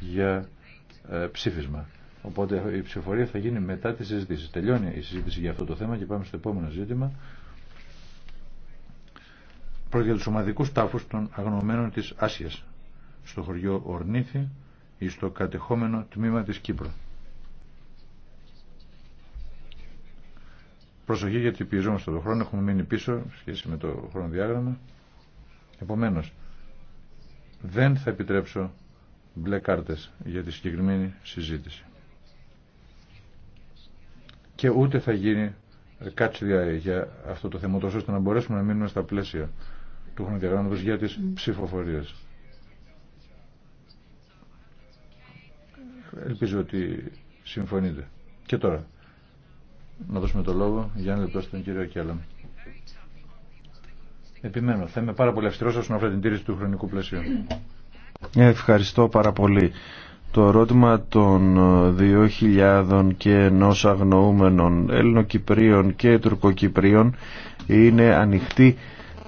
για ε, ψήφισμα. Οπότε η ψηφορία θα γίνει μετά τη συζήτηση. Τελειώνει η συζήτηση για αυτό το θέμα και πάμε στο επόμενο ζήτημα. Πρόκειται για του ομαδικού τάφου των αγνωμένων τη Άσια στο χωριό Ορνήθη ή στο κατεχόμενο τμήμα της Κύπρου. Προσοχή γιατί πιεζόμαστε τον χρόνο, έχουμε μείνει πίσω σχέση με το χρονοδιάγραμμα. Επομένως, δεν θα επιτρέψω μπλε κάρτε για τη συγκεκριμένη συζήτηση. Και ούτε θα γίνει κάτσιδια για αυτό το θέμα, τόσο ώστε να μπορέσουμε να μείνουμε στα πλαίσια του χρονοδιαγράμματος για τις ψηφοφορίες. Ελπίζω ότι συμφωνείτε. Και τώρα, να δώσουμε το λόγο για ένα λεπτό στον κύριο Κέλλαμ. Επιμένω, θα είμαι πάρα πολύ αυστηρός όσον αφορά την τήρηση του χρονικού πλαισίου. Ευχαριστώ πάρα πολύ. Το ερώτημα των 2.000 και ενό αγνοούμενων Έλληνοκυπρίων και Τουρκοκυπρίων είναι ανοιχτή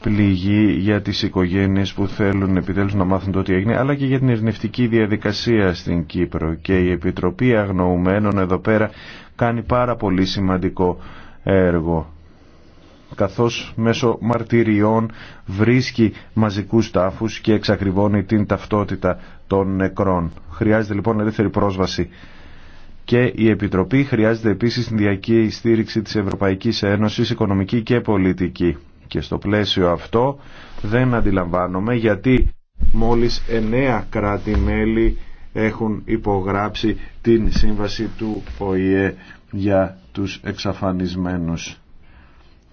πληγή για τις οικογένειες που θέλουν επιτέλους να μάθουν το τι έγινε αλλά και για την ειρνευτική διαδικασία στην Κύπρο και η Επιτροπή Αγνοουμένων εδώ πέρα κάνει πάρα πολύ σημαντικό έργο καθώς μέσω μαρτυριών βρίσκει μαζικούς τάφους και εξακριβώνει την ταυτότητα των νεκρών. Χρειάζεται λοιπόν ελεύθερη πρόσβαση και η Επιτροπή χρειάζεται επίσης την διακή στήριξη της Ευρωπαϊκής Ένωσης οικονομική και πολιτική. Και στο πλαίσιο αυτό δεν αντιλαμβάνομαι γιατί μόλις εννέα κράτη-μέλη έχουν υπογράψει την σύμβαση του ΟΗΕ για τους εξαφανισμένους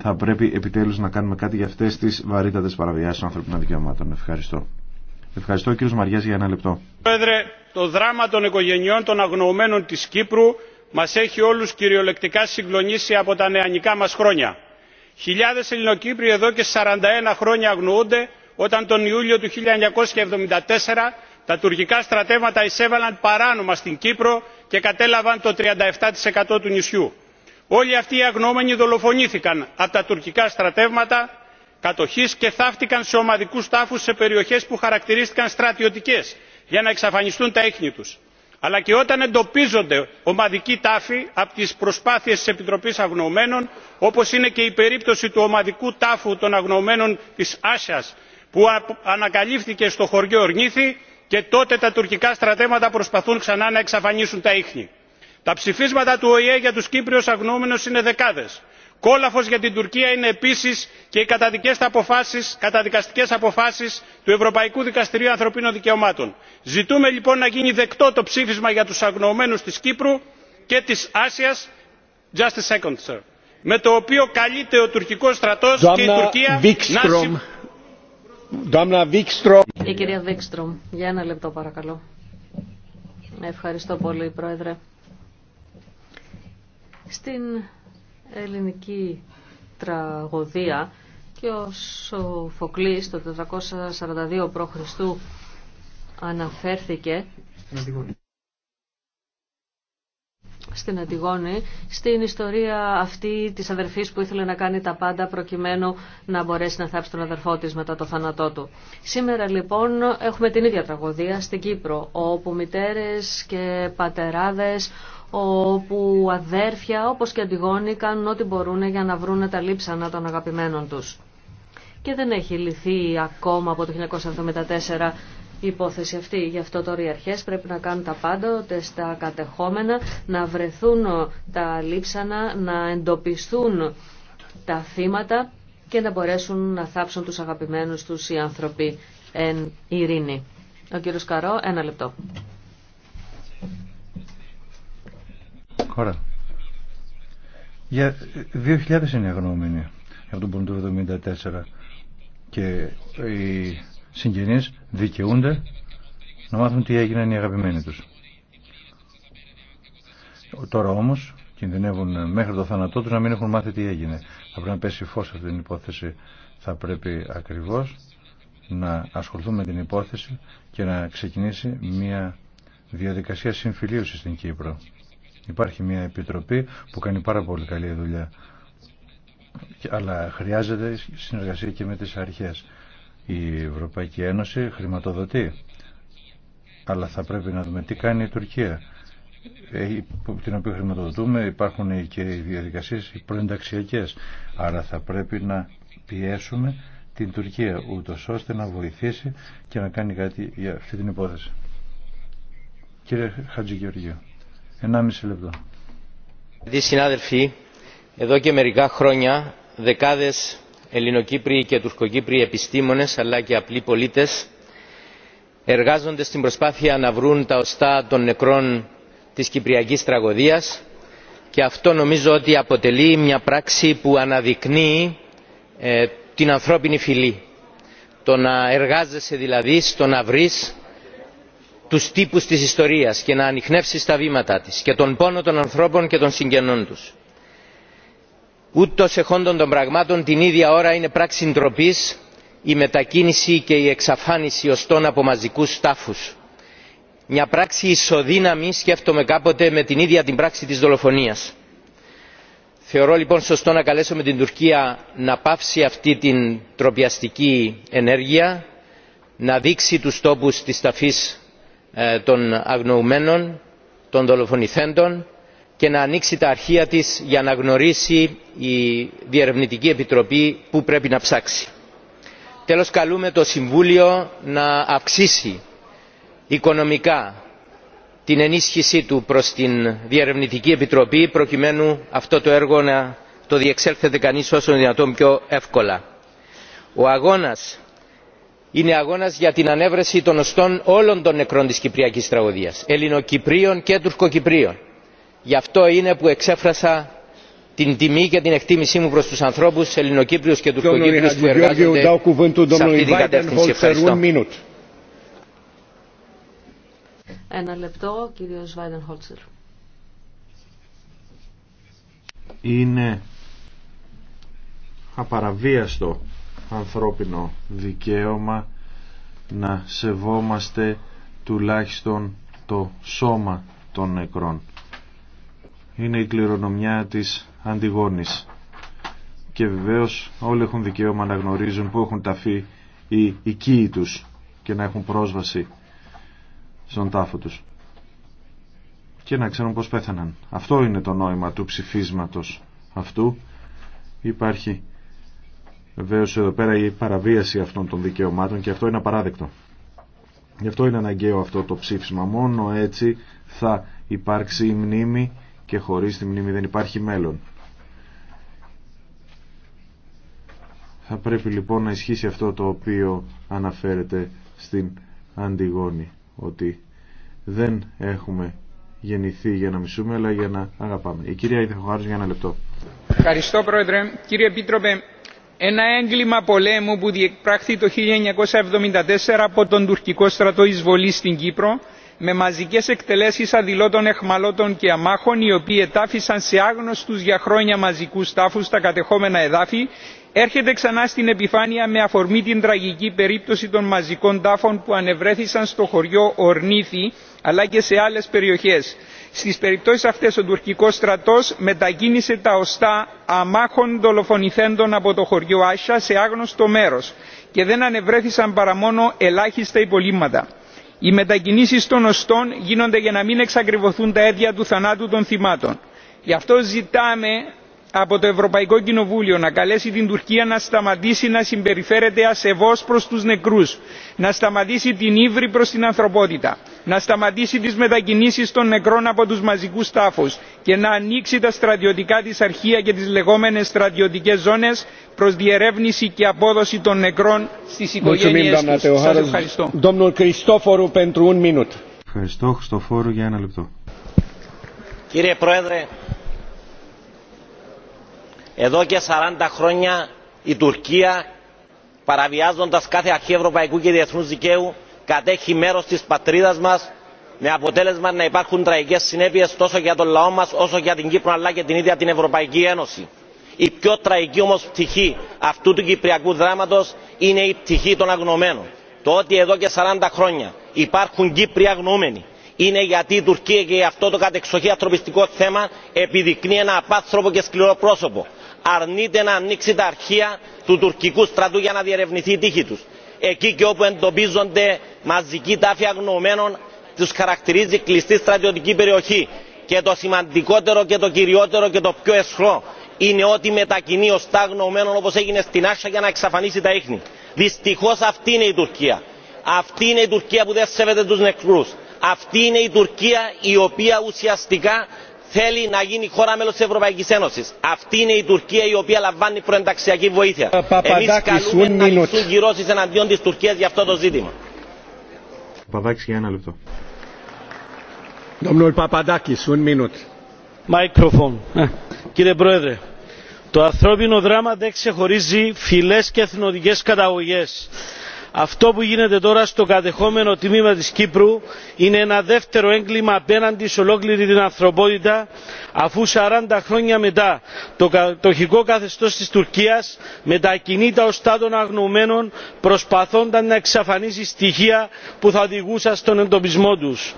θα πρέπει επιτέλους να κάνουμε κάτι για αυτές τις βαρύτατες παραβιάσεις των ανθρωπίνων δικαιωμάτων. Ευχαριστώ. Ευχαριστώ κύριο Μαριάς για ένα λεπτό. Πρόεδρε, το δράμα των οικογενειών των αγνοωμένων της Κύπρου μας έχει όλους κυριολεκτικά συγκλονίσει από τα νεανικά μας χρόνια. Χιλιάδες Ελληνοκύπριοι εδώ και 41 χρόνια αγνοούνται όταν τον Ιούλιο του 1974 τα τουρκικά στρατεύματα εισέβαλαν παράνομα στην Κύπρο και κατέλαβαν το 37% του νησιού όλοι αυτοί οι αγνοούμενοι δολοφονήθηκαν από τα τουρκικά στρατεύματα κατοχής και θάφτηκαν σε ομαδικούς τάφους σε περιοχές που χαρακτηρίστηκαν στρατιωτικές για να εξαφανιστούν τα ίχνη τους. αλλά και όταν εντοπίζονται ομαδικοί τάφοι από τις προσπάθειες της επιτροπής αγνοωμένων όπως είναι και η περίπτωση του ομαδικού τάφου των αγνοωμένων της Άσιας που ανακαλύφθηκε στο χωριό ορνήθη και τότε τα τουρκικά στρατεύματα προσπαθούν ξανά να εξαφανίσουν τα ίχνη τα ψηφίσματα του οηε για τους κύπριους αγνοούμενους είναι δεκάδες. κόλαφος για την τουρκία είναι επίσης και οι καταδικαστικές αποφάσεις του ευρωπαϊκού δικαστηρίου ανθρωπίνων δικαιωμάτων. ζητούμε λοιπόν να γίνει δεκτό το ψήφισμα για τους αγνοωμένους της κύπρου και της ασίας με το οποίο καλείται ο τουρκικός στρατός και η τουρκία να η για ένα λεπτό παρακαλώ. Ευχαριστώ πολύ, Πρόεδρε. Στην ελληνική τραγωδία και ο Σοφοκλής το 442 π.Χ. αναφέρθηκε στην Αντιγόνη στην ιστορία αυτή της αδερφής που ήθελε να κάνει τα πάντα προκειμένου να μπορέσει να θάψει τον αδερφό τη μετά το θάνατό του. Σήμερα λοιπόν έχουμε την ίδια τραγωδία στην Κύπρο όπου μητέρε και πατεράδες όπου αδέρφια όπως και Αντιγόνη κάνουν ό,τι μπορούν για να βρουν τα λείψανα των αγαπημένων τους. Και δεν έχει λυθεί ακόμα από το 1974 η υπόθεση αυτή. Γι' αυτό τώρα οι αρχές πρέπει να κάνουν τα πάντα, στα κατεχόμενα, να βρεθούν τα λείψανα, να εντοπιστούν τα θύματα και να μπορέσουν να θάψουν τους αγαπημένους τους οι άνθρωποι εν ειρήνη. Ο κύριος Καρό, ένα λεπτό. Χώρα. Για 2.000 είναι γνώμενοι από τον πόνο 1974 και η συγγενείς δικαιούνται να μάθουν τι έγιναν οι αγαπημένοι τους. Τώρα όμως κινδυνεύουν μέχρι το θάνατό τους να μην έχουν μάθει τι έγινε. Θα πρέπει να πέσει φως αυτή την υπόθεση. Θα πρέπει ακριβώς να ασχοληθούμε με την υπόθεση και να ξεκινήσει μια διαδικασία συμφιλίωσης στην Κύπρο. Υπάρχει μια επιτροπή που κάνει πάρα πολύ καλή δουλειά αλλά χρειάζεται συνεργασία και με τις αρχές. Η Ευρωπαϊκή Ένωση χρηματοδοτεί. Αλλά θα πρέπει να δούμε τι κάνει η Τουρκία. Ε, την οποία χρηματοδοτούμε υπάρχουν και οι διαδικασίες προενταξιακές. Άρα θα πρέπει να πιέσουμε την Τουρκία ούτως ώστε να βοηθήσει και να κάνει κάτι για αυτή την υπόθεση. Κύριε Χατζηγεωργίου, 1,5 λεπτό. Συνάδελφοι, εδώ και μερικά χρόνια δεκάδες ελληνοκύπριοι και τουρκοκύπριοι επιστήμονες αλλά και απλοί πολίτες εργάζονται στην προσπάθεια να βρουν τα οστά των νεκρών της κυπριακής τραγωδίας και αυτό νομίζω ότι αποτελεί μια πράξη που αναδεικνύει ε, την ανθρώπινη φυλή. Το να εργάζεσαι δηλαδή στο να βρεις τους τύπους της ιστορίας και να ανοιχνεύσεις τα βήματα της και τον πόνο των ανθρώπων και των συγγενών τους ούτως εχόντων των πραγμάτων την ίδια ώρα είναι πράξη ντροπή η μετακίνηση και η εξαφάνιση οστών από μαζικούς τάφους. Μια πράξη ισοδύναμη σκέφτομαι κάποτε με την ίδια την πράξη της δολοφονίας. Θεωρώ λοιπόν σωστό να καλέσουμε την Τουρκία να πάψει αυτή την τροπιαστική ενέργεια, να δείξει τους τόπους της ταφής ε, των αγνοουμένων, των δολοφονηθέντων και να ανοίξει τα αρχεία της για να γνωρίσει η διερευνητική επιτροπή πού πρέπει να ψάξει. τέλος καλούμε το συμβούλιο να αυξήσει οικονομικά την ενίσχυσή του προς την διερευνητική επιτροπή προκειμένου αυτό το έργο να το διεξέλθεται κανείς όσο δυνατόν πιο εύκολα. ο αγώνας είναι αγώνας για την ανέβρεση των οστών όλων των νεκρών της κυπριακής τραγωδίας ελληνοκυπρίων και τουρκοκυπρίων γι' αυτό είναι που εξέφρασα την τιμή και την εκτίμησή μου προς τους ανθρώπους ελληνοκύπριους και τουρκοκύπριους που εργάζονται σε αυτήν την κατεύθυνση. Ευχαριστώ. Ένα λεπτό, Είναι απαραβίαστο ανθρώπινο δικαίωμα να σεβόμαστε τουλάχιστον το σώμα των νεκρών είναι η κληρονομιά της Αντιγόνης. Και βεβαίως όλοι έχουν δικαίωμα να γνωρίζουν πού έχουν ταφεί οι οικοί τους και να έχουν πρόσβαση στον τάφο τους. Και να ξέρουν πώς πέθαναν. Αυτό είναι το νόημα του ψηφίσματος αυτού. Υπάρχει βεβαίως εδώ πέρα η παραβίαση αυτών των δικαιωμάτων και αυτό είναι απαράδεκτο. Γι' αυτό είναι αναγκαίο αυτό το ψήφισμα. Μόνο έτσι θα υπάρξει η μνήμη και χωρίς τη μνήμη δεν υπάρχει μέλλον. Θα πρέπει λοιπόν να ισχύσει αυτό το οποίο αναφέρεται στην Αντιγόνη, ότι δεν έχουμε γεννηθεί για να μισούμε, αλλά για να αγαπάμε. Η κυρία Ιδεχοχάρου για ένα λεπτό. Ευχαριστώ Πρόεδρε. Κύριε Επίτροπε, ένα έγκλημα πολέμου που διεκπράχθη το 1974 από τον τουρκικό στρατό εισβολή στην Κύπρο με μαζικές εκτελέσεις αδειλώτων, εχμαλώτων και αμάχων οι οποίοι ετάφησαν σε άγνωστου για χρόνια μαζικού τάφους τα κατεχόμενα εδάφη έρχεται ξανά στην επιφάνεια με αφορμή την τραγική περίπτωση των μαζικών τάφων που ανεβρέθησαν στο χωριό ορνήθη αλλά και σε άλλε περιοχέ. Στι περιπτώσει αυτέ, ο τουρκικό στρατό μετακίνησε τα οστά αμάχων δολοφονηθέντων από το χωριό Άσια σε άγνωστο μέρο, και δεν ανεβρέθησαν παρά μόνο ελάχιστα υπολείμματα οι μετακίνησει των οστών γίνονται για να μην εξακριβωθούν τα αίτια του θανάτου των θυμάτων. γι' αυτό ζητάμε από το ευρωπαϊκό κοινοβούλιο να καλέσει την τουρκία να σταματήσει να συμπεριφέρεται ασεβώς προς τους νεκρούς να σταματήσει την ύβρη προς την ανθρωπότητα να σταματήσει τις μετακινήσεις των νεκρών από τους μαζικούς τάφους και να ανοίξει τα στρατιωτικά της αρχεία και τις λεγόμενες στρατιωτικές ζώνες προς διερεύνηση και απόδοση των νεκρών στις οικογένειές τους. Σας ευχαριστώ. Ευχαριστώ εδώ και 40 χρόνια η Τουρκία παραβιάζοντας κάθε αρχή ευρωπαϊκού και διεθνούς δικαίου κατέχει μέρος της πατρίδας μας με αποτέλεσμα να υπάρχουν τραγικές συνέπειες τόσο για τον λαό μας όσο για την Κύπρο αλλά και την ίδια την Ευρωπαϊκή Ένωση. Η πιο τραγική όμως πτυχή αυτού του κυπριακού δράματος είναι η πτυχή των αγνωμένων. Το ότι εδώ και 40 χρόνια υπάρχουν Κύπροι αγνοούμενοι είναι γιατί η Τουρκία και αυτό το κατεξοχή ανθρωπιστικό θέμα επιδεικνύει ένα απάνθρωπο και σκληρό πρόσωπο αρνείται να ανοίξει τα αρχεία του τουρκικού στρατού για να διερευνηθεί η τύχη του. Εκεί και όπου εντοπίζονται μαζικοί τάφοι αγνοωμένων, του χαρακτηρίζει κλειστή στρατιωτική περιοχή. Και το σημαντικότερο και το κυριότερο και το πιο αισχρό είναι ότι μετακινεί οστά αγνοωμένων όπω έγινε στην Άσσα για να εξαφανίσει τα ίχνη. Δυστυχώ αυτή είναι η Τουρκία. Αυτή είναι η Τουρκία που δεν σέβεται του νεκρού. Αυτή είναι η Τουρκία η οποία ουσιαστικά θέλει να γίνει χώρα μέλο τη Ευρωπαϊκή Ένωση. Αυτή είναι η Τουρκία η οποία λαμβάνει προενταξιακή βοήθεια. Ε, Εμεί καλούμε να ληφθούν κυρώσει εναντίον τη Τουρκία για αυτό το ζήτημα. Παπαδάκη για ένα λεπτό. Ε. Κύριε Πρόεδρε, το ανθρώπινο δράμα δεν ξεχωρίζει φυλές και εθνοτικές καταγωγέ αυτό που γίνεται τώρα στο κατεχόμενο τμήμα της κύπρου είναι ένα δεύτερο έγκλημα απέναντι σε ολόκληρη την ανθρωπότητα αφού σαράντα χρόνια μετά το κατοχικό καθεστώς της τουρκίας μετακινείται οστά των αγνοωμένων προσπαθώντας να εξαφανίσει στοιχεία που θα οδηγούσαν στον εντοπισμό τους.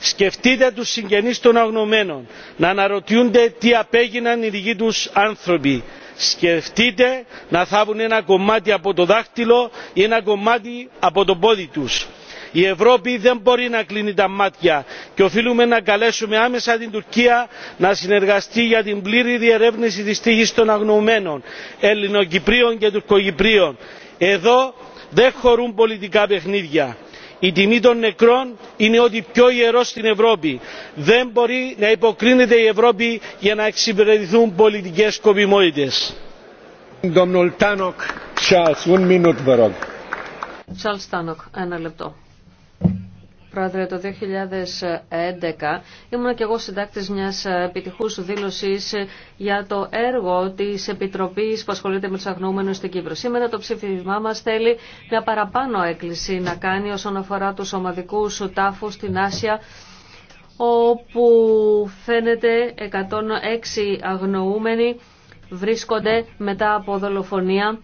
Σκεφτείτε τους συγγενείς των αγνοωμένων να αναρωτιούνται τι απέγιναν οι δικοί τους άνθρωποι σκεφτείτε να θάβουν ένα κομμάτι από το δάχτυλο ή ένα κομμάτι από το πόδι τους. Η Ευρώπη δεν μπορεί να κλείνει τα μάτια και οφείλουμε να καλέσουμε άμεσα την Τουρκία να συνεργαστεί για την πλήρη διερεύνηση της τύχης των αγνοωμένων Ελληνοκυπρίων και Τουρκοκυπρίων. Εδώ δεν χωρούν πολιτικά παιχνίδια η τιμή των νεκρών είναι ό,τι πιο ιερό στην ευρώπη. δεν μπορεί να υποκρίνεται η ευρώπη για να εξυπηρετηθούν πολιτικές σκοπιμότητες. ένα λεπτό. Πρόεδρε, το 2011 ήμουν και εγώ συντάκτης μιας επιτυχούς δήλωσης για το έργο της Επιτροπής που ασχολείται με τους αγνοούμενους στην Κύπρο. Σήμερα το ψήφισμά μας θέλει μια παραπάνω έκκληση να κάνει όσον αφορά τους ομαδικούς τάφους στην Άσια όπου φαίνεται 106 αγνοούμενοι βρίσκονται μετά από δολοφονία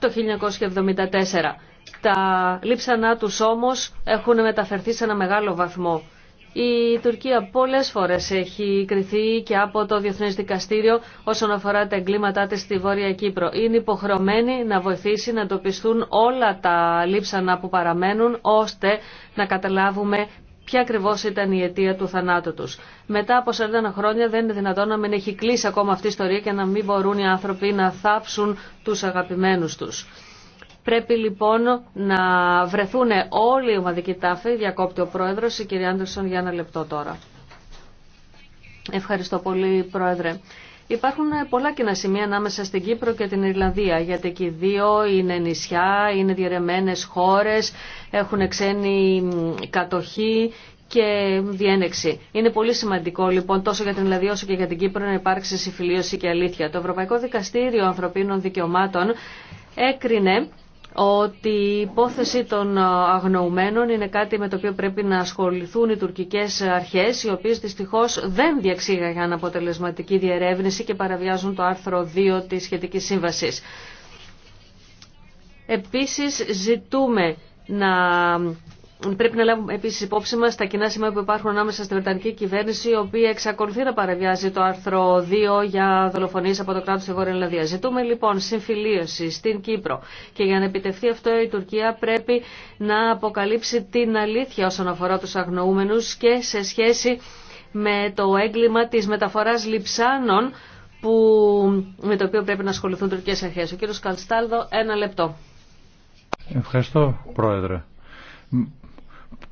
το 1974. Τα λείψανά τους όμως έχουν μεταφερθεί σε ένα μεγάλο βαθμό. Η Τουρκία πολλές φορές έχει κριθεί και από το Διεθνές Δικαστήριο όσον αφορά τα εγκλήματά της στη Βόρεια Κύπρο. Είναι υποχρεωμένη να βοηθήσει να εντοπιστούν όλα τα λείψανα που παραμένουν ώστε να καταλάβουμε ποια ακριβώ ήταν η αιτία του θανάτου του. Μετά από 40 χρόνια δεν είναι δυνατόν να μην έχει κλείσει ακόμα αυτή η ιστορία και να μην μπορούν οι άνθρωποι να θάψουν του αγαπημένου του. Πρέπει λοιπόν να βρεθούν όλοι οι ομαδικοί τάφοι, διακόπτει ο πρόεδρο, η κυρία Άντερσον για ένα λεπτό τώρα. Ευχαριστώ πολύ, πρόεδρε. Υπάρχουν πολλά κοινά σημεία ανάμεσα στην Κύπρο και την Ιρλανδία, γιατί εκεί δύο είναι νησιά, είναι διαιρεμένες χώρες, έχουν ξένη κατοχή και διένεξη. Είναι πολύ σημαντικό λοιπόν τόσο για την Ελλάδα όσο και για την Κύπρο να υπάρξει συμφιλίωση και αλήθεια. Το Ευρωπαϊκό Δικαστήριο Ανθρωπίνων Δικαιωμάτων έκρινε ότι η υπόθεση των αγνοουμένων είναι κάτι με το οποίο πρέπει να ασχοληθούν οι τουρκικές αρχές, οι οποίες δυστυχώς δεν διεξήγαγαν αποτελεσματική διερεύνηση και παραβιάζουν το άρθρο 2 της σχετικής σύμβασης. Επίσης ζητούμε να Πρέπει να λάβουμε επίση υπόψη μα τα κοινά σημεία που υπάρχουν ανάμεσα στη Βρετανική κυβέρνηση, η οποία εξακολουθεί να παραβιάζει το άρθρο 2 για δολοφονίε από το κράτο στη Βόρεια Ελλάδα. Ζητούμε λοιπόν συμφιλίωση στην Κύπρο και για να επιτευχθεί αυτό η Τουρκία πρέπει να αποκαλύψει την αλήθεια όσον αφορά του αγνοούμενου και σε σχέση με το έγκλημα τη μεταφορά λιψάνων που, με το οποίο πρέπει να ασχοληθούν τουρκικέ αρχέ. Ο κύριο Καλστάλδο, ένα λεπτό. Ευχαριστώ, Πρόεδρε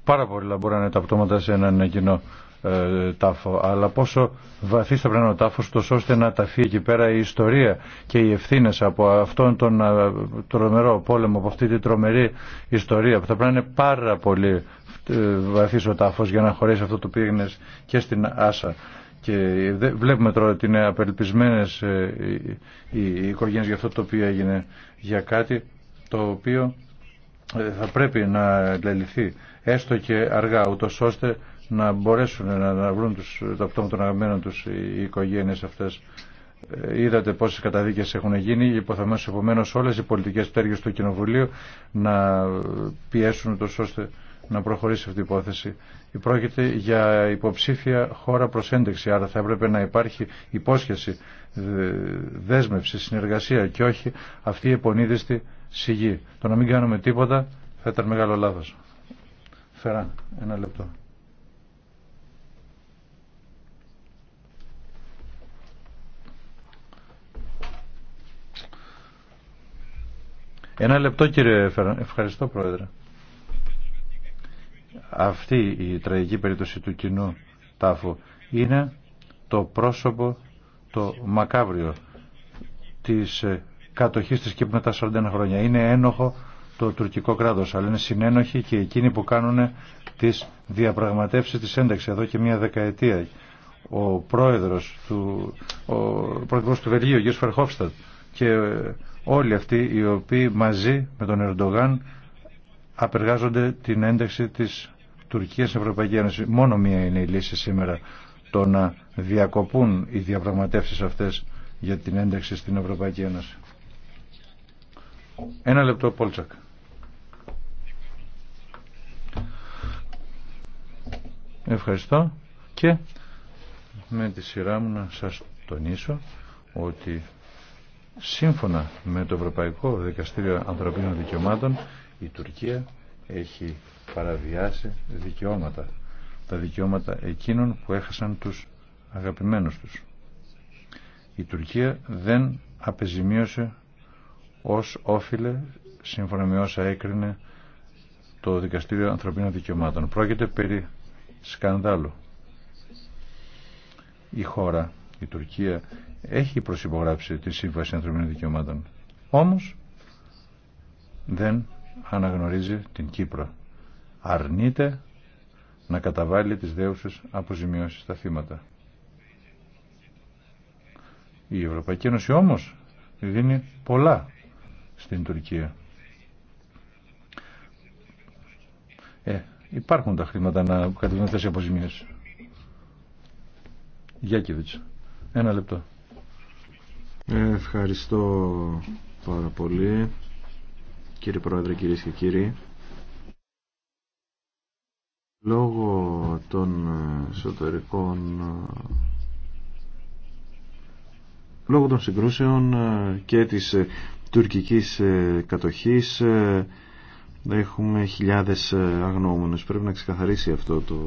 Πάρα πολλά μπορεί να είναι τα πτώματα σε έναν κοινό ε, τάφο, αλλά πόσο βαθύ θα πρέπει να είναι ο τάφος ώστε να ταφεί εκεί πέρα η ιστορία και οι ευθύνε από αυτόν τον ε, τρομερό πόλεμο, από αυτή την τρομερή ιστορία που θα πρέπει να είναι πάρα πολύ ε, βαθύ ο τάφος για να χωρέσει αυτό το πήγαινε και στην Άσα. Και βλέπουμε τώρα ότι είναι απελπισμένες οι οικογένειε για αυτό το οποίο έγινε για κάτι το οποίο θα πρέπει να λεληθεί έστω και αργά, ούτω ώστε να μπορέσουν να, να βρουν τους, το πτώμα των αγαπημένων του οι οικογένειε αυτές. Ε, είδατε πόσε καταδίκε έχουν γίνει, υποθεμένως επομένω όλε οι πολιτικέ πτέρυγες του Κοινοβουλίου να πιέσουν ούτω ώστε να προχωρήσει αυτή η υπόθεση. Πρόκειται για υποψήφια χώρα προ ένταξη, άρα θα έπρεπε να υπάρχει υπόσχεση, δέσμευση, συνεργασία και όχι αυτή η επονίδιστη σιγή. Το να μην κάνουμε τίποτα θα ήταν μεγάλο λάθος. Φεράν, ένα λεπτό. Ένα λεπτό κύριε Φεράν. Ευχαριστώ πρόεδρε. Αυτή η τραγική περίπτωση του κοινού τάφου είναι το πρόσωπο το μακάβριο της ε, κατοχής της Κύπνου μετά 41 χρόνια. Είναι ένοχο το τουρκικό κράτος, αλλά είναι συνένοχοι και εκείνοι που κάνουν τις διαπραγματεύσεις της ένταξης εδώ και μια δεκαετία. Ο πρόεδρος του, ο πρόεδρος του Βελγίου, ο Φερχόφστατ και όλοι αυτοί οι οποίοι μαζί με τον Ερντογάν απεργάζονται την ένταξη της Τουρκίας στην Ευρωπαϊκή Ένωση. Μόνο μία είναι η λύση σήμερα το να διακοπούν οι διαπραγματεύσεις αυτές για την ένταξη στην Ευρωπαϊκή Ένωση. Ένα λεπτό, Πόλτσακ. Ευχαριστώ και με τη σειρά μου να σας τονίσω ότι σύμφωνα με το Ευρωπαϊκό Δικαστήριο Ανθρωπίνων Δικαιωμάτων η Τουρκία έχει παραβιάσει δικαιώματα τα δικαιώματα εκείνων που έχασαν τους αγαπημένους τους. Η Τουρκία δεν απεζημίωσε ως όφιλε σύμφωνα με όσα έκρινε το Δικαστήριο Ανθρωπίνων Δικαιωμάτων. Πρόκειται περί σκανδάλου. Η χώρα, η Τουρκία, έχει προσυπογράψει τη Σύμβαση Ανθρωπίνων Δικαιωμάτων. Όμως δεν αναγνωρίζει την Κύπρο. Αρνείται να καταβάλει τις δέουσες αποζημιώσεις στα θύματα. Η Ευρωπαϊκή Ένωση όμως δίνει πολλά στην Τουρκία. Ε, Υπάρχουν τα χρήματα να κατεβούν θέση αποζημίωση. Ένα λεπτό. Ευχαριστώ πάρα πολύ. Κύριε Πρόεδρε, κυρίες και κύριοι. Λόγω των εσωτερικών λόγω των συγκρούσεων και της τουρκικής κατοχής Έχουμε χιλιάδες ε, αγνώμενους. Πρέπει να ξεκαθαρίσει αυτό το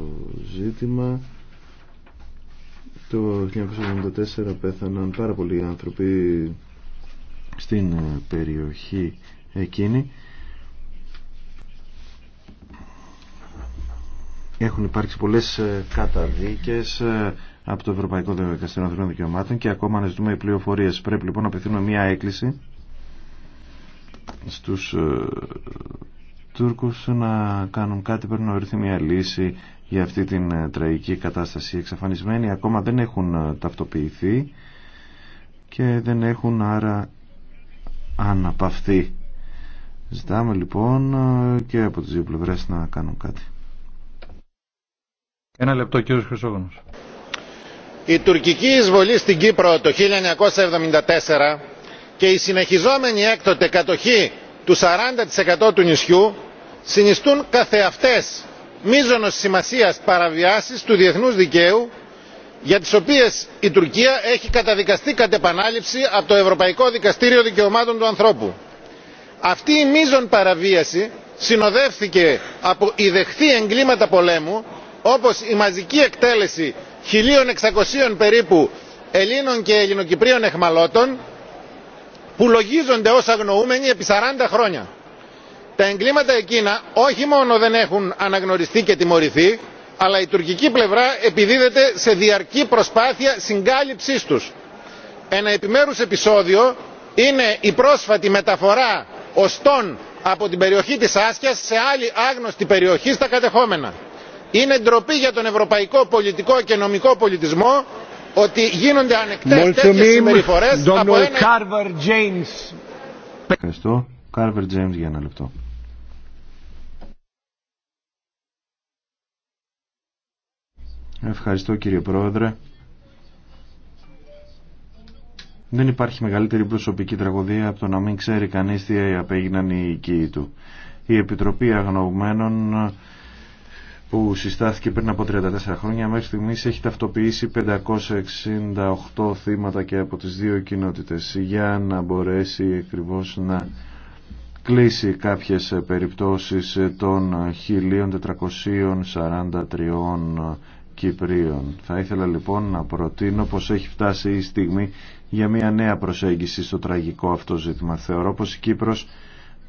ζήτημα. Το 1974 πέθαναν πάρα πολλοί άνθρωποι στην ε, περιοχή εκείνη. Έχουν υπάρξει πολλές ε, καταδίκες από το Ευρωπαϊκό Δικαστήριο Ανθρωπίνων Δικαιωμάτων και ακόμα αναζητούμε πληροφορίες. Πρέπει λοιπόν να απευθύνουμε μία έκκληση στους Τούρκους να κάνουν κάτι πρέπει να βρεθεί μια λύση για αυτή την ε, τραγική κατάσταση. εξαφανισμένη. εξαφανισμένοι ακόμα δεν έχουν ε, ταυτοποιηθεί και δεν έχουν άρα αναπαυθεί. Ζητάμε λοιπόν ε, και από τις δύο πλευρές να κάνουν κάτι. Ένα λεπτό κύριος Χρυσόγονος. Η τουρκική εισβολή στην Κύπρο το 1974 και η συνεχιζόμενη έκτοτε κατοχή του 40% του νησιού συνιστούν καθεαυτές μείζωνος σημασίας παραβιάσεις του διεθνούς δικαίου για τις οποίες η τουρκία έχει καταδικαστεί κατ' επανάληψη από το ευρωπαϊκό δικαστήριο δικαιωμάτων του ανθρώπου. αυτή η μείζον παραβίαση συνοδεύθηκε από ιδεχθή εγκλήματα πολέμου όπως η μαζική εκτέλεση 1.600 περίπου ελλήνων και ελληνοκυπρίων εχμαλώτων που λογίζονται ως αγνοούμενοι επί 40 χρόνια. Τα εγκλήματα εκείνα όχι μόνο δεν έχουν αναγνωριστεί και τιμωρηθεί, αλλά η τουρκική πλευρά επιδίδεται σε διαρκή προσπάθεια συγκάλυψής τους. Ένα επιμέρους επεισόδιο είναι η πρόσφατη μεταφορά οστών από την περιοχή της Άσκιας σε άλλη άγνωστη περιοχή στα κατεχόμενα. Είναι ντροπή για τον ευρωπαϊκό πολιτικό και νομικό πολιτισμό ότι γίνονται ανεκτές τέτοιες συμπεριφορές από ένα... Carver James. Ευχαριστώ. Carver James για ένα λεπτό. Ευχαριστώ κύριε Πρόεδρε. Δεν υπάρχει μεγαλύτερη προσωπική τραγωδία από το να μην ξέρει κανείς τι απέγιναν οι οικοί του. Η Επιτροπή Αγνοωμένων που συστάθηκε πριν από 34 χρόνια μέχρι στιγμής έχει ταυτοποιήσει 568 θύματα και από τις δύο κοινότητες για να μπορέσει ακριβώ να κλείσει κάποιες περιπτώσεις των 1443 Κυπρίων. Θα ήθελα λοιπόν να προτείνω πως έχει φτάσει η στιγμή για μια νέα προσέγγιση στο τραγικό αυτό ζήτημα. Θεωρώ πως η Κύπρος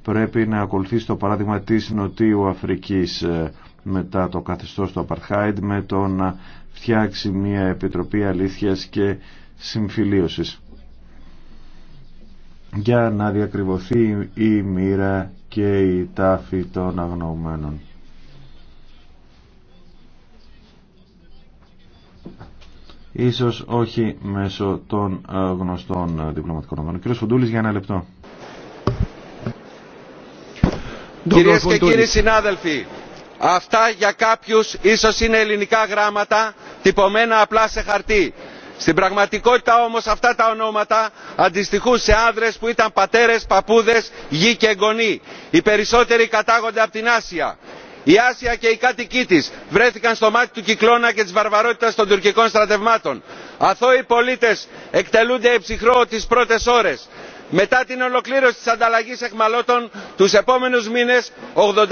πρέπει να ακολουθήσει το παράδειγμα της Νοτιού Αφρικής μετά το καθεστώς του Απαρχάιντ με το να φτιάξει μια επιτροπή αλήθειας και συμφιλίωσης για να διακριβωθεί η μοίρα και η τάφη των αγνοωμένων. Ίσως όχι μέσω των ε, γνωστών ε, διπλωματικών ομάδων. Κύριος Φουντούλης για ένα λεπτό. Κυρίες και κύριοι συνάδελφοι, αυτά για κάποιους ίσως είναι ελληνικά γράμματα τυπωμένα απλά σε χαρτί. στην πραγματικότητα όμως αυτά τα ονόματα αντιστοιχούν σε άνδρες που ήταν πατέρες παππούδες γη και εγγονοί. οι περισσότεροι κατάγονται από την άσια. η άσια και οι κάτοικοί τη βρέθηκαν στο μάτι του κυκλώνα και της βαρβαρότητας των τουρκικών στρατευμάτων. αθώοι πολίτε εκτελούνται εψυχρό τι πρώτε ώρε μετά την ολοκλήρωση της ανταλλαγής αιχμαλώτων τους επόμενους μήνες 84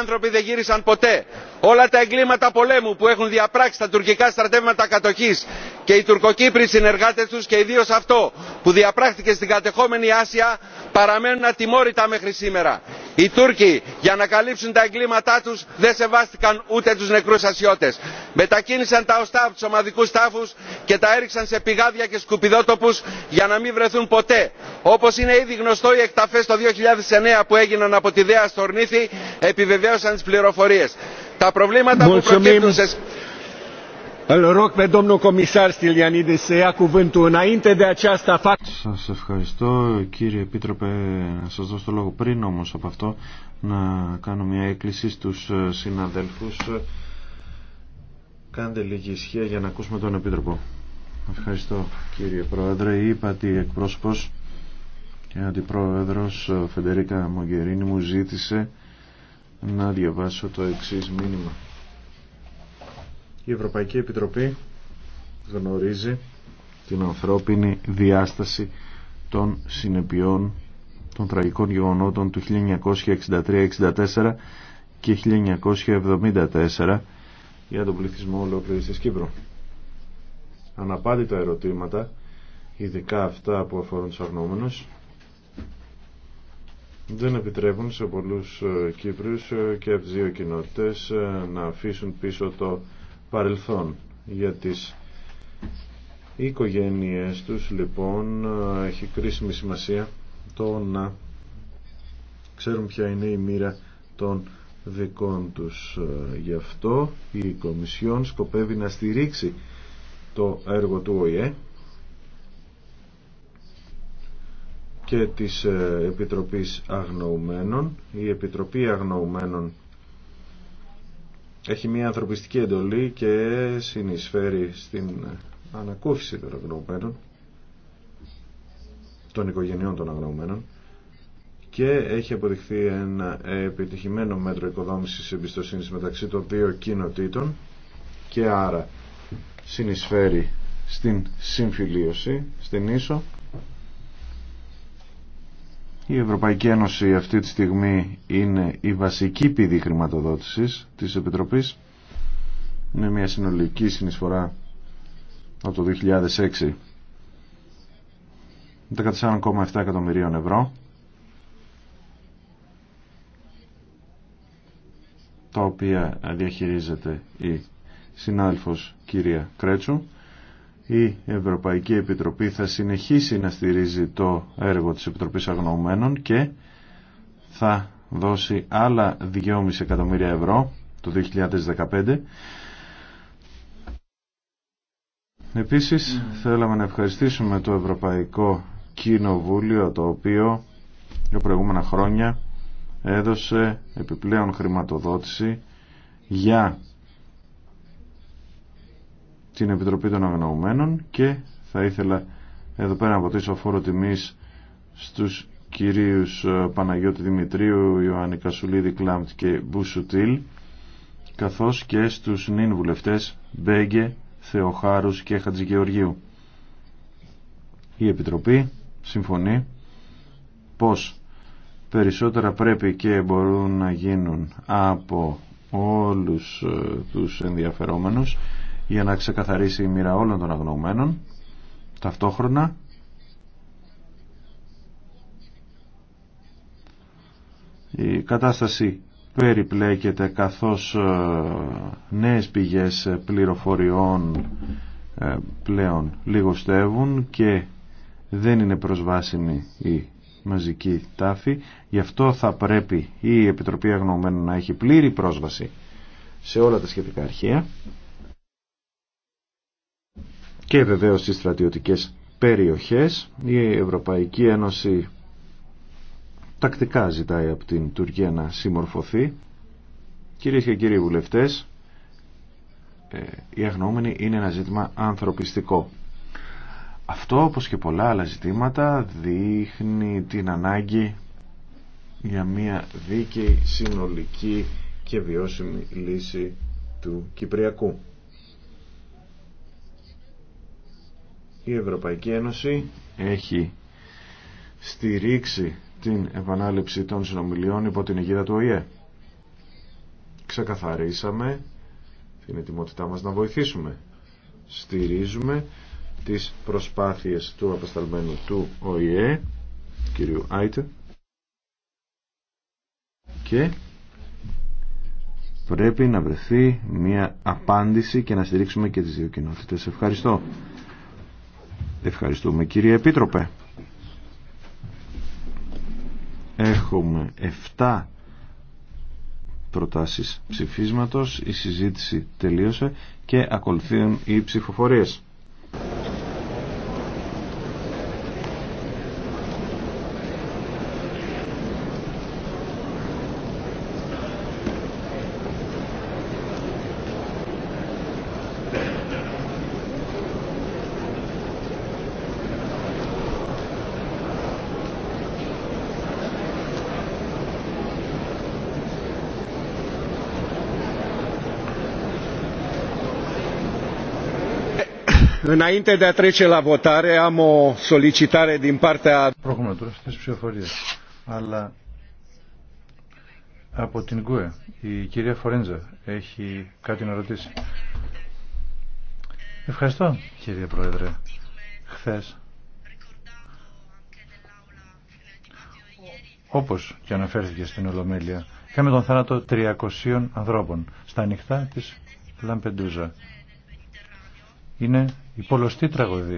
άνθρωποι δεν γύρισαν ποτέ όλα τα εγκλήματα πολέμου που έχουν διαπράξει τα τουρκικά στρατεύματα κατοχής και οι τουρκοκύπροι συνεργάτες τους και ιδίως αυτό που διαπράχθηκε στην κατεχόμενη Άσια παραμένουν ατιμόρυτα μέχρι σήμερα. Οι Τούρκοι για να καλύψουν τα εγκλήματά τους δεν σεβάστηκαν ούτε τους νεκρούς ασιώτες. Μετακίνησαν τα οστά από τους ομαδικούς τάφους και τα έριξαν σε πηγάδια και σκουπιδότοπους για να μην βρεθούν ποτέ. Όπως είναι ήδη γνωστό οι εκταφές το 2009 που έγιναν από τη Δέα επιβεβαίωσαν τις πληροφορίες τα προβλήματα που προκύπτουν σε... Îl Σας ευχαριστώ κύριε Επίτροπε να σας δώσω το λόγο πριν όμω από αυτό να κάνω μια έκκληση στου ε, συναδέλφους κάντε λίγη ισχύα για να ακούσουμε τον Επίτροπο Ευχαριστώ κύριε Πρόεδρε είπα ότι εκπρόσωπος και αντιπρόεδρο ε, Φεντερίκα Μογκερίνη μου ζήτησε να διαβάσω το εξής μήνυμα. Η Ευρωπαϊκή Επιτροπή γνωρίζει την ανθρώπινη διάσταση των συνεπειών των τραγικών γεγονότων του 1963-64 και 1974 για τον πληθυσμό ολόκληρης της Κύπρου. Αναπάντητα ερωτήματα, ειδικά αυτά που αφορούν τους αγνώμενους, δεν επιτρέπουν σε πολλούς ε, Κύπρους ε, και από τις δύο κοινότητες ε, να αφήσουν πίσω το παρελθόν για τις οικογένειές τους λοιπόν έχει κρίσιμη σημασία το να ξέρουν ποια είναι η μοίρα των δικών τους. Γι' αυτό η Κομισιόν σκοπεύει να στηρίξει το έργο του ΟΗΕ και της ε, Επιτροπής Αγνοουμένων. Η Επιτροπή Αγνοουμένων έχει μια ανθρωπιστική εντολή και συνεισφέρει στην ε, ανακούφιση των αγνοουμένων των οικογενειών των αγνοουμένων και έχει αποδειχθεί ένα επιτυχημένο μέτρο οικοδόμησης εμπιστοσύνης μεταξύ των δύο κοινοτήτων και άρα συνεισφέρει στην συμφιλίωση, στην ίσο η Ευρωπαϊκή Ένωση αυτή τη στιγμή είναι η βασική πηγή χρηματοδότησης της Επιτροπής Είναι μια συνολική συνεισφορά από το 2006 14,7 εκατομμυρίων ευρώ τα οποία διαχειρίζεται η συνάδελφος κυρία Κρέτσου η Ευρωπαϊκή Επιτροπή θα συνεχίσει να στηρίζει το έργο της Επιτροπής Αγνοωμένων και θα δώσει άλλα 2,5 εκατομμύρια ευρώ το 2015. Επίσης θέλαμε να ευχαριστήσουμε το Ευρωπαϊκό Κοινοβούλιο το οποίο για προηγούμενα χρόνια έδωσε επιπλέον χρηματοδότηση για την Επιτροπή των Αγνοωμένων και θα ήθελα εδώ πέρα να αποτίσω φόρο τιμής στους κυρίους ε, Παναγιώτη Δημητρίου, Ιωάννη Κασουλίδη Κλάμπτ και Μπουσουτήλ καθώς και στους νυν βουλευτές Μπέγκε, Θεοχάρους και Χατζηγεωργίου. Η Επιτροπή συμφωνεί πως περισσότερα πρέπει και μπορούν να γίνουν από όλους ε, τους ενδιαφερόμενους για να ξεκαθαρίσει η μοίρα όλων των αγνοωμένων. Ταυτόχρονα η κατάσταση περιπλέκεται καθώς ε, νέες πηγές πληροφοριών ε, πλέον λιγοστεύουν και δεν είναι προσβάσιμη η μαζική τάφη. Γι' αυτό θα πρέπει η Επιτροπή Αγνοωμένων να έχει πλήρη πρόσβαση σε όλα τα σχετικά αρχεία και βεβαίως στις στρατιωτικές περιοχές. Η Ευρωπαϊκή Ένωση τακτικά ζητάει από την Τουρκία να συμμορφωθεί. Κυρίες και κύριοι βουλευτές, ε, η αγνώμενη είναι ένα ζήτημα ανθρωπιστικό. Αυτό, όπως και πολλά άλλα ζητήματα, δείχνει την ανάγκη για μια δίκαιη, συνολική και βιώσιμη λύση του Κυπριακού. Η Ευρωπαϊκή Ένωση έχει στηρίξει την επανάληψη των συνομιλιών υπό την αιγύδα του ΟΗΕ. Ξεκαθαρίσαμε την ετοιμότητά μας να βοηθήσουμε. Στηρίζουμε τις προσπάθειες του απεσταλμένου του ΟΗΕ, κυρίου Άιτε, και πρέπει να βρεθεί μια απάντηση και να στηρίξουμε και τις δύο κοινότητες. Ευχαριστώ. Ευχαριστούμε κύριε Επίτροπε. Έχουμε 7 προτάσεις ψηφίσματος, η συζήτηση τελείωσε και ακολουθούν οι ψηφοφορίες. Înainte de a trece la votare, am o solicitare din partea... Αλλά από την ΚΟΕ, η κυρία Φορέντζα έχει κάτι να ρωτήσει. Ευχαριστώ, κύριε Πρόεδρε. Χθες, όπως και αναφέρθηκε στην Ολομέλεια, είχαμε τον θάνατο 300 ανθρώπων στα ανοιχτά της Λαμπεντούζα. Είναι η πολλωστή τραγωδία